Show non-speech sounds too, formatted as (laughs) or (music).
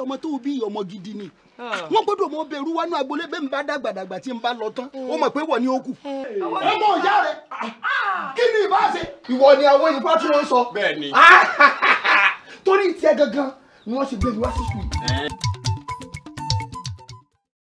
ọmọ tó bí ọmọ gidi ni wọn gbọ́dọ̀ mọ bẹ̀rù wánú agbolé bẹ́ẹ̀ ń bá dàgbàdàgbà tí ń bá lọ tán ó mọ̀ pé wọ́n ni ó kù. ọmọ ìyá rẹ kí ni ìbá ṣe. ìwọ ni àwọn ìfá tí wọ́n sọ. bẹ́ẹ̀ ni. (laughs) torí tiẹ̀ gangan ni wọ́n ṣe gbé mi wá sí sùn.